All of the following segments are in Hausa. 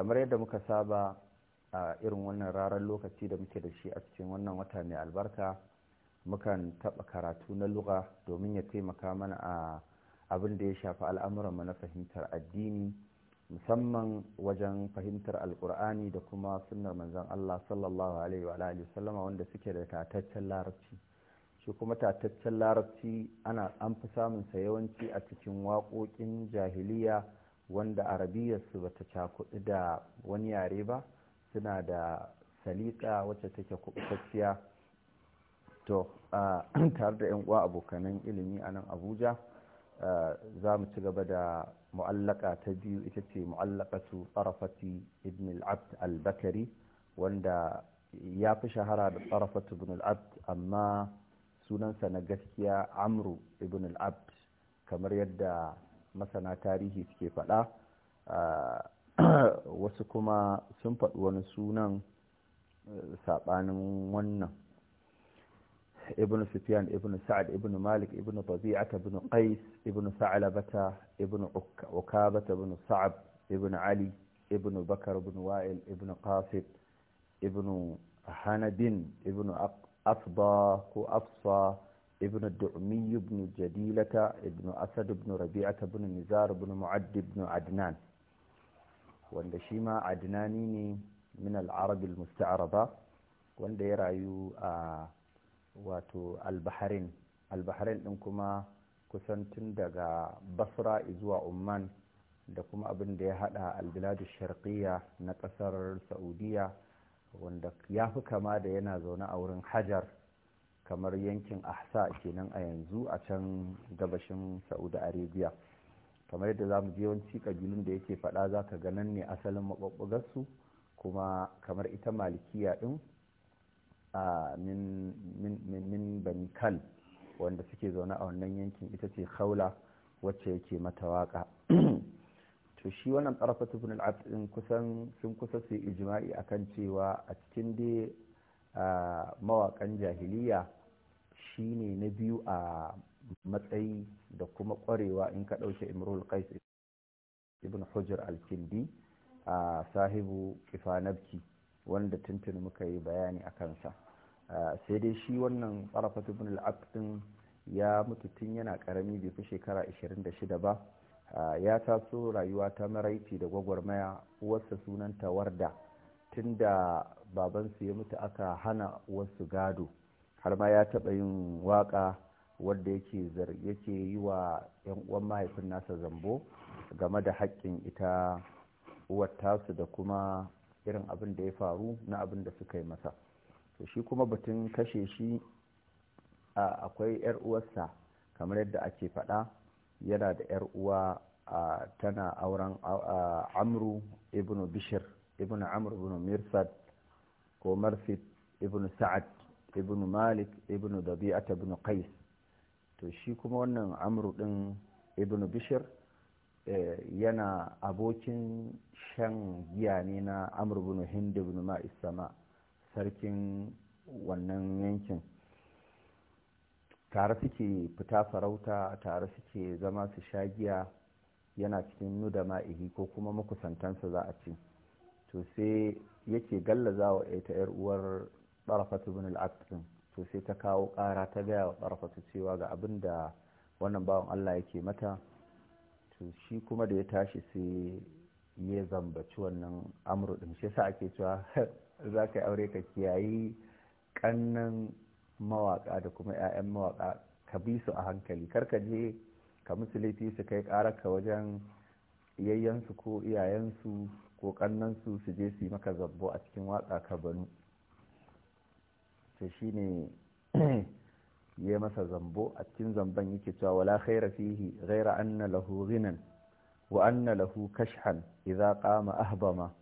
kamar yadda muka saba a irin wannan rarar lokaci da muke da shi a cikin wannan wata mai albarka mukan taɓa karatu na luga domin ya taimaka mana a abin da ya shafi al'amuranmu na fahimtar addini musamman wajen fahimtar alkur'ani da kuma sunnar manzon Allah sallallahu alaihi wa alihi sallama wanda suke da tataccen larabci shi kuma tataccen larabci ana an fi samun sa yawanci a cikin waƙoƙin jahiliya wanda arabiyarsu ba ta cakudu da wani yare ba suna da salika wacce take kubutacciya to tare da yan uwa abokanan ilimi a nan abuja za mu ci gaba da mu'allaka ta biyu ita ce mu'allakatu tsarafati ibn al-abd al-bakari wanda ya fi shahara da tsarafati ibn al-abd amma sunansa na gaskiya amru ibn al-abd kamar yadda masana tarihi suke faɗa wasu kuma sun faɗi wani sunan eh, saɓanin wannan ibn sufyan ibn sa'ad ibn malik ibn tabi'ata ibn qais ibn sa'labata ibn ukabata ibn sa'ab ibn ali ibn bakar ibn wa'il ibn qasid ibn Hanadin ibn afda ko afsa ابن الدعمي بن جديلة ابن أسد بن ربيعة بن نزار بن معد بن عدنان wanda shi ma adinani ne min al'arabil musta'araba wanda ya rayu a wato al-bahrain al kuma kusan tun daga basra zuwa umman da kuma abinda ya hada albiladu sharqiyya na ƙasar saudiya wanda ya fi kama da yana zaune a wurin hajar kamar yankin ahsa kenan a yanzu a can gabashin saudi arabia kamar yadda za mu je wanci kabilun da yake fada za ka ganin ne asalin su kuma kamar ita malikiya din a min bani kal wanda suke zaune a wannan yankin ita ce haula wacce yake mata waƙa to shi wannan tsarafa tufin al'adun kusan sun kusa su a kan cewa a cikin dai mawaƙan jahiliya shine na biyu a matsayi da kuma ƙwarewa in ka ɗauke imrul qais ibn hujjar al a sahibu kifanabki wanda tuntun muka yi bayani a kansa sai dai shi wannan tsarafa ibn al ya mutu tun yana ƙarami bai fi shekara 26 ba ya taso rayuwa ta maraici da gwagwarmaya uwarsa sunanta warda tunda babansu ya mutu aka hana wasu gado har ma ya taɓa yin waƙa wadda yake yake yi wa 'yan uwan mahaifin nasa zambo game da haƙƙin ita uwar tasu da kuma irin abin da ya faru na abin da suka yi masa to shi kuma batun kashe shi akwai 'yar uwarsa kamar yadda ake faɗa yana da 'yar uwa tana auren amru ibn bishir ibn amru ibn mirsad ko marsid ibn sa'ad Ibnu malik ibn dabi'ata ibn qais to shi kuma wannan amru din Ibnu bishir eh, yana abokin shan giya ne na amr ibn hind ibn ma'is sama sarkin wannan yankin tare suke fita farauta tare suke zama su sha giya yana cikin nuda ma'ihi ko kuma makusantansa za a ci to sai yake gallazawa wa ita 'yar uwar ɗarafatu bin ɗin to sai ta kawo ƙara ta gaya wa ɗarafatu cewa ga abin da wannan bawan Allah yake mata to shi kuma da ya tashi sai ya zambaci wannan amru ɗin shi sa ake cewa za ka yi aure ka kiyayi ƙannan mawaƙa da kuma 'ya'yan mawaƙa ka bi su a hankali kar ka je ka musu laifi su kai ka wajen yayyansu ko iyayensu ko ƙannansu su je su yi maka zabbo a cikin watsa ka banu to shine ya masa zambo a cikin zamban yake cewa wala khaira fihi ghaira anna lahu ghinan wa anna lahu kashhan idza qama ahbama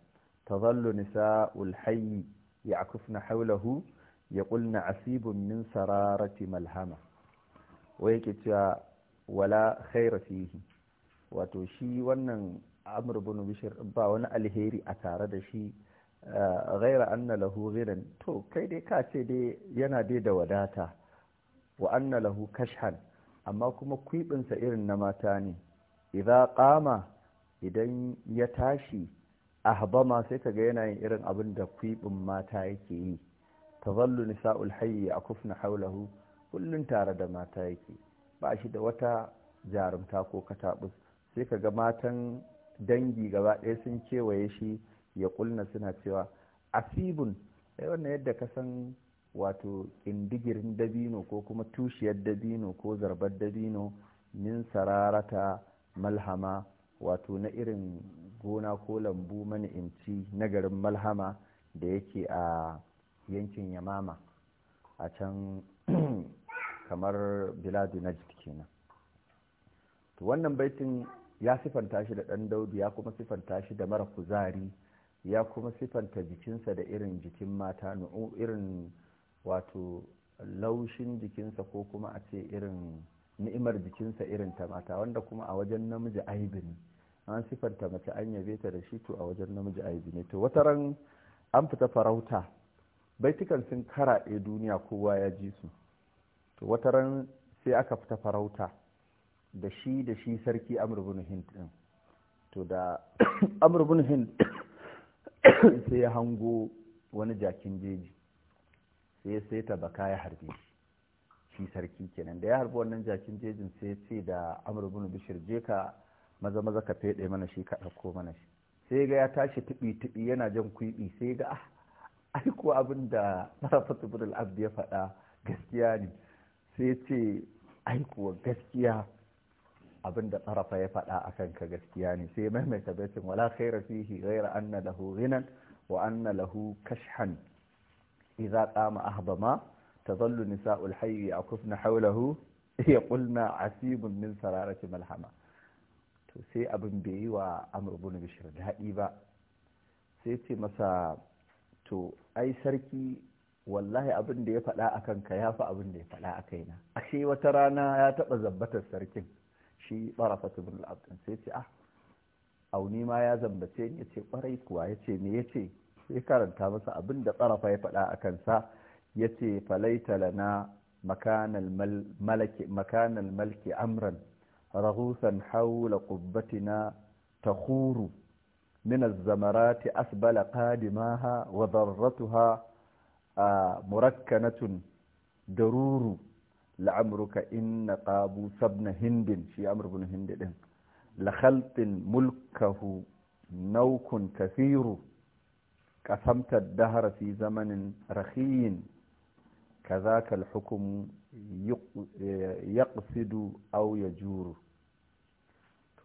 tadhallu nisa'ul hayy ya'kufna hawlahu yaqulna asibun min sararati malhama wa yake cewa wala khaira fihi wato shi wannan amr ibn bishr ba wani alheri a tare da shi Eh, ghaira anna lahu ghiran to kai dai ka ce dai yana dai da wadata wa anna lahu kashhan amma kuma kwiɓinsa irin na mata ne idza qama idan ya tashi ahbama sai ga yana yin irin abin da kwibin mata yake yi tazallu nisa'ul hayyi akufna hawlahu kullun tare da mata yake ba shi da wata jarumta ko katabus sai ka ga matan dangi gaba ɗaya sun kewaye shi ya kulna suna cewa asibun sai wannan yadda ka san wato indigirin dabino ko kuma tushiyar dabino ko zarbar dabino min sararata malhama wato na irin gona ko lambu mani'imci na garin malhama da yake a yankin yamama a can kamar biladu na kenan to wannan baitin ya sifanta shi da ɗan daudu ya kuma sifanta shi da mara kuzari ya kuma sifanta jikinsa da irin jikin mata irin wato laushin jikinsa ko kuma a ce irin ni'imar jikinsa irin ta mata wanda kuma a wajen namiji aibi ne an sifanta mace an yabe ta da shi to a wajen namiji aibi ne to wata ran an fita farauta baitukan sun kara karaɗe duniya kowa ya ji su to wata ran sai aka fita farauta da shi da shi sarki Amurbin bin hind din to da bin sai ya hango wani jakin jeji sai ya saita baka ya harbe shi sarki kenan da ya harbi wannan jakin jejin sai ya ce da amurbin bishir je ka maza maza ka fede mana shi ka ɗauko mana shi sai ga ya tashi tibi tibi yana jan kwibi sai ga ah ko abin da al'abdi ya faɗa gaskiya ne sai ya ce aiko gaskiya abin da tsarafa ya faɗa a kanka gaskiya ne sai maimaita baitin wala khaira fihi ghaira anna lahu ghinan wa anna lahu kashhan idza qama ahbama tadhallu nisa'ul hayy yakufna hawlahu yaqulna asibun min sararati malhama to sai abin bai yi wa amr ibn bishr daɗi ba sai ce masa to ai sarki wallahi abin da ya faɗa a kanka ya fi abin da ya faɗa a kaina ashe wata rana ya taɓa zabbatar sarkin shi al'abdin sai ce ah auni ma ya zambace ni yace kwarai kuwa yace me yace sai karanta masa abin da tsarafa ya faɗa a kansa yace falaita lana makanal malki amran rahusan haula qubbatina takhuru zamarati asbala qadimaha قادماها وضرتها murakkanatun daruru. la'amruka inna qabu sabna hindin shi amr ibn hind din la khaltin mulkahu naukun kathiru قسمت الدهر في زمن رخي كذاك الحكم يقصد juru, يجور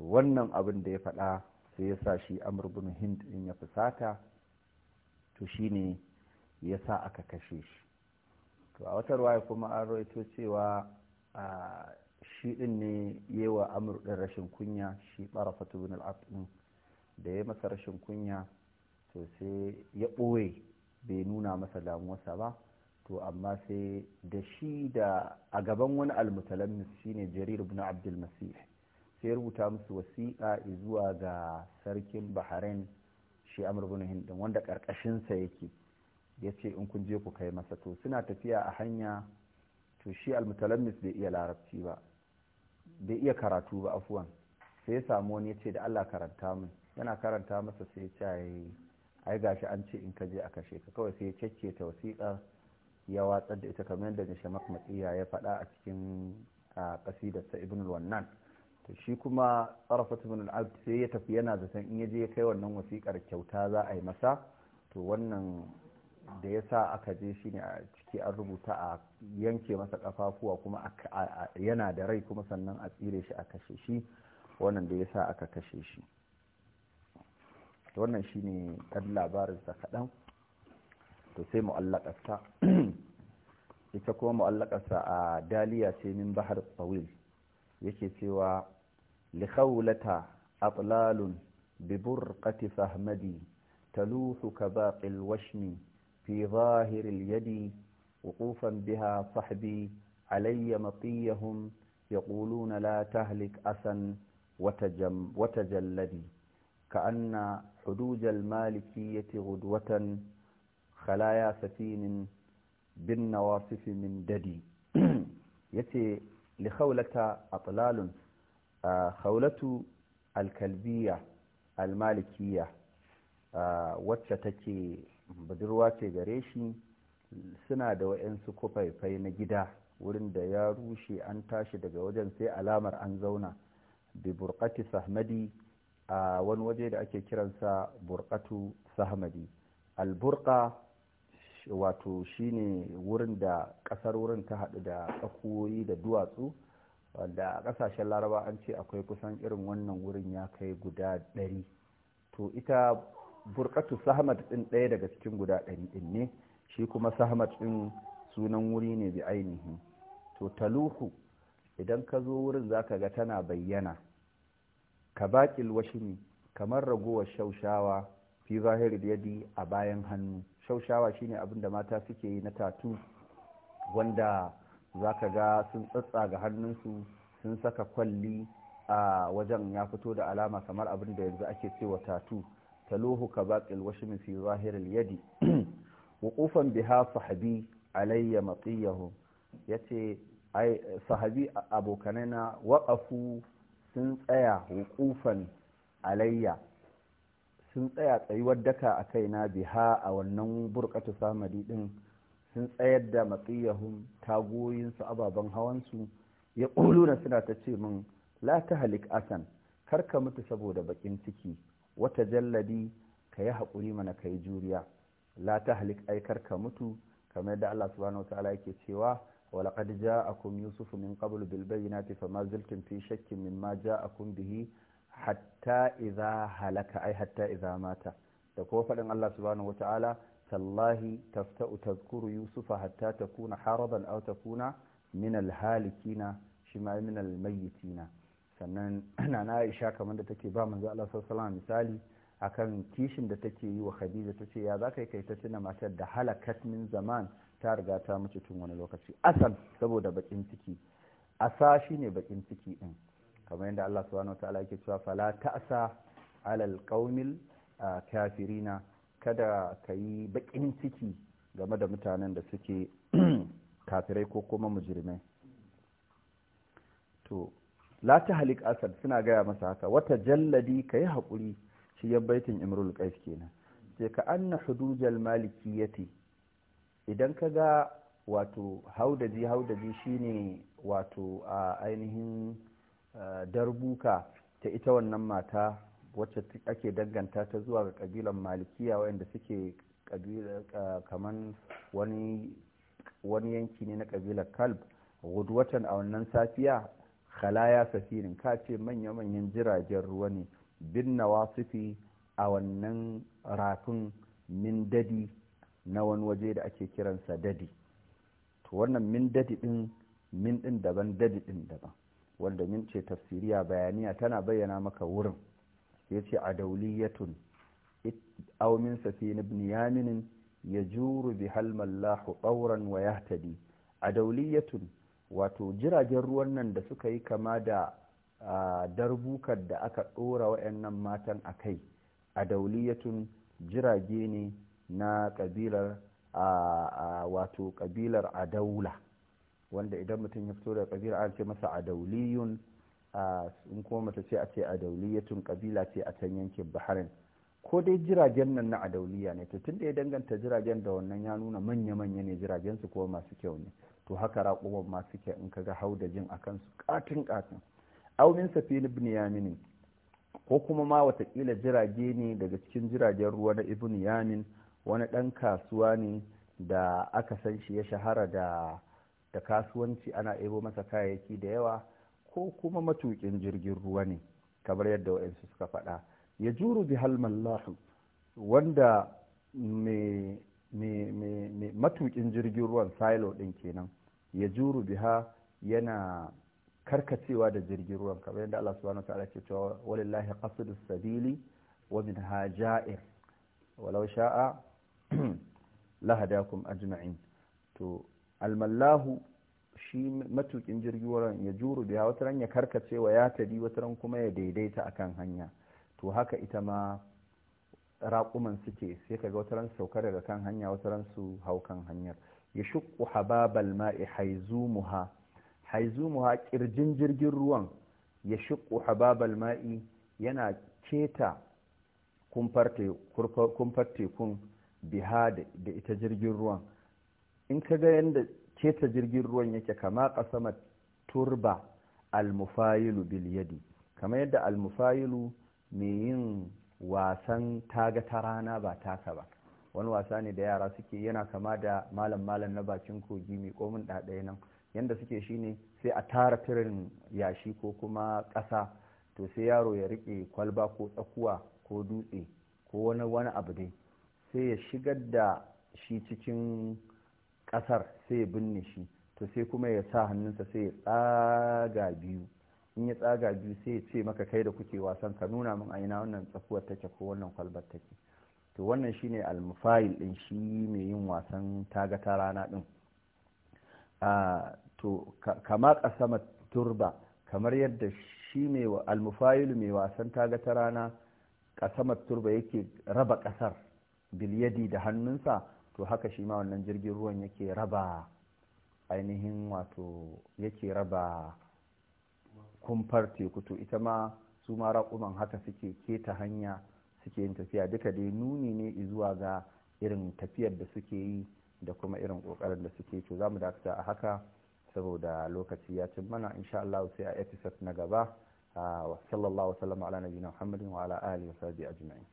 wannan abin da ya faɗa sai yasa shi shi amurbin hind in ya fusata to shine yasa aka kashe shi to a wata ruwaya kuma an roito cewa shi din ne yewa amur din rashin kunya shi barafatu bin al da ya masa rashin kunya to sai ya ɓoye bai nuna masa damuwarsa ba to amma sai da shi da a gaban wani almutalammis shine jarir ibn abdul masih sai rubuta musu wasiƙa zuwa ga sarkin bahrain shi amur bin hindin wanda ƙarƙashinsa yake ya ce in kun je ku kai masa to suna tafiya a hanya to shi almutalammis bai iya larabci ba bai iya karatu ba afuwan sai ya samu wani ya ce da allah karanta min yana karanta masa sai ya yi gashi an ce in ka je a kashe ka kawai sai ya cece ta wasiƙa ya watsar da ita kamar yadda nishamak matsiya ya faɗa a cikin ƙasidarsa ibn wannan to shi kuma tsarafa ibn al sai ya tafi yana zaton in ya je ya kai wannan wasiƙar kyauta za a yi masa to wannan da ya sa aka je shi ne a ciki an rubuta a yanke masa kafafuwa kuma yana da rai kuma sannan a tsire shi a kashe shi wannan da ya sa aka kashe shi wannan shi ne ɗan labarinsa kaɗan to sai mu'allakarsa ita kuma mu'allakarsa a daliya ce min bahar tsawil yake cewa likhawlata atlalun biburkati fahmadi taluhu ka baqil washmi في ظاهر اليد وقوفا بها صحبي علي مطيهم يقولون لا تهلك أسا وتجم وتجلدي كأن حدوج المالكية غدوة خلايا سفين بالنواصف من ددي يتي لخولة أطلال آه، خولة الكلبية المالكية wacce آه، budurwa ce gare shi suna da wa'yansu kufaifai na gida wurin da ya rushe an tashi daga wajen sai alamar an zauna bi burkati sahmadi a wani waje da ake kiransa burkatu sahmadi alburka wato shine wurin da kasar wurin ta hadu da tsakuwoyi da duwatsu wanda a ƙasashen laraba an ce akwai kusan irin wannan wurin ya kai guda ɗari to ita burkatu sahmad din ɗaya daga cikin guda ɗari din ne shi kuma sahmad ɗin sunan wuri ne bi ainihi to taluhu idan ka zo wurin zaka ga tana bayyana ka baƙil washini kamar ragowar shaushawa fi zahiri yadi a bayan hannu shaushawa shine abin da mata suke yi na tatu wanda zaka ga sun tsatsa ga hannunsu sun saka kwalli a wajen ya fito da alama kamar abin da yanzu ake cewa tatu Talohu ka baƙi luwa shi mu siya wahirin yadi. Waƙofan biha fahimbi Alayya Matsiyahu, ya ce fafabi a abokanai na, waƙafu sun tsaya Sun tsaya tsayuwar daka a kai na biha a wannan burkatu samari din. Sun tsayar da Matsiyahu tagoyinsu ababar hawan su. Ya ƙo suna ta ce min, la ta Halik Hassan, kar ka mutu saboda bakin ciki. wata jalladi ka yi haƙuri mana ka yi juriya la ta halik aikar ka mutu kamar yadda Allah subhanahu wa ta'ala yake cewa wa laqad ja'akum yusuf min qabl bil bayyinati fama zaltum fi shakkin mimma ja'akum bihi hatta idza halaka ay hatta idza mata da kuma faɗin Allah subhanahu wa ta'ala tallahi tafta'u tazkuru yusufa hatta takuna haraban aw takuna min al halikina shi ma min al mayyitina sannan Nana aisha kamar da take ba manzo Allah sallallahu alaihi misali akan kishin da take yi wa khadija tace ya zaka yi kai ta tuna matar da halakat min zaman ta riga ta mutu tun wani lokaci asal saboda bakin ciki asa shine bakin ciki din kamar yadda Allah subhanahu wataala yake cewa fala ta'sa alal qaumil kafirina kada kayi bakin ciki game da mutanen da suke kafirai ko kuma mujrimai to la ta halik asad suna gaya masa haka wata jalladi ka yi haƙuri shi ya baitin imrul qais kenan sai ka anna hudujal malikiyati idan ka ga wato haudaji haudaji shine wato a ainihin darbuka ta ita wannan mata wacce ake danganta ta zuwa ga kabilan malikiya waanda suke kaman wani yanki ne na kabilar kalb gudwatan a wannan safiya khalaya safirin ka ce manya-manyan jiragen ruwa ne bin nawasifi a wannan rafin min dadi na wani waje da ake kiransa dadi to wannan min dadi din min din daban dadi din daban wanda min ce tafsiriya bayaniya tana bayyana maka wurin ya ce a dauliyatun aw min safin ibn yaminin ya juru bi halmallahu ɗauran wa yahtadi a dauliyatun wato jiragen ruwan nan da suka yi kama da darbukar da aka ɗora waɗannan matan a kai a dauliyatun jirage ne na ƙabilar wato ƙabilar adaula wanda idan mutum ya fito da ƙabilar an ce masa adauliyun in kuma mata ce a ce adauliyatun ƙabila ce a can yankin baharin ko dai jiragen nan na adauliya ne to tun da ya danganta jiragen da wannan ya nuna manya-manya ne jiragen su kuma masu kyau ne to haka raƙuman ma suke in kaga haudajin a kansu katin katin aunin safin ibn yamin ko kuma ma watakila jirage ne daga cikin jiragen ruwa na ibn yamin wani ɗan kasuwa ne da aka san shi ya shahara da da kasuwanci ana ebo masa kayayyaki da yawa ko kuma matuƙin jirgin ruwa ne kamar yadda wa'ansu suka faɗa ya juru bi halmallahu wanda mai matukin jirgin ruwan silo ɗin kenan ya juru biha yana karkacewa da jirgin ruwan kamar yadda Allah subhanahu wa ta'ala ke cewa walillahi qasdus sabili wa min haja'ir walau sha'a lahadakum ajma'in to almallahu shi matukin jirgin ruwan ya juru biha wata ran ya karkacewa ya tadi wata ran kuma ya daidaita akan hanya to haka ita ma raƙuman suke sai kaga wata ran sauka daga kan hanya wata ran su hau kan hanyar ya shuqu hababal ma'i haizumuha haizumuha kirjin jirgin ruwan ya shuqu hababal ma'i yana keta kumfar tekun biha da ita jirgin ruwan in ka ga yadda keta jirgin ruwan yake kama kasama turba almufayilu bil yadi kamar yadda almufayilu mai yin wasan taga ta rana ba taka ba wani wasa ne da yara suke yana kama da malam malam na bakin kogi mai komin ɗaɗaya nan yanda suke shine sai a tara firin yashi ko kuma ƙasa to sai yaro ya riƙe kwalba ko tsakuwa ko dutse ko wani wani abu dai sai ya shigar da shi cikin ƙasar sai ya binne shi to sai kuma ya sa hannunsa sai ya tsaga biyu in ya tsaga biyu sai ce maka kai da kuke wasan ka nuna min a ina wannan tsakuwar take ko wannan kwalbar take to wannan shine almufayil din shi mai yin wasan taga ta rana din to kama kasama turba kamar yadda shi mai almufayil mai wasan taga ta rana kasamar turba yake raba kasar bilyadi da hannunsa to haka shi ma wannan jirgin ruwan yake raba ainihin wato yake raba kumfar teku to ita ma su ma raƙuman haka suke keta hanya suke yin tafiya duka dai nuni ne zuwa ga irin tafiyar da suke yi da kuma irin ƙoƙarin da suke to za mu dakata a haka saboda lokaci ya cin mana insha Allah sai a episode na gaba ah, wa sallallahu ala nabiyina Muhammadin wa ala alihi wa sahbihi ajma'in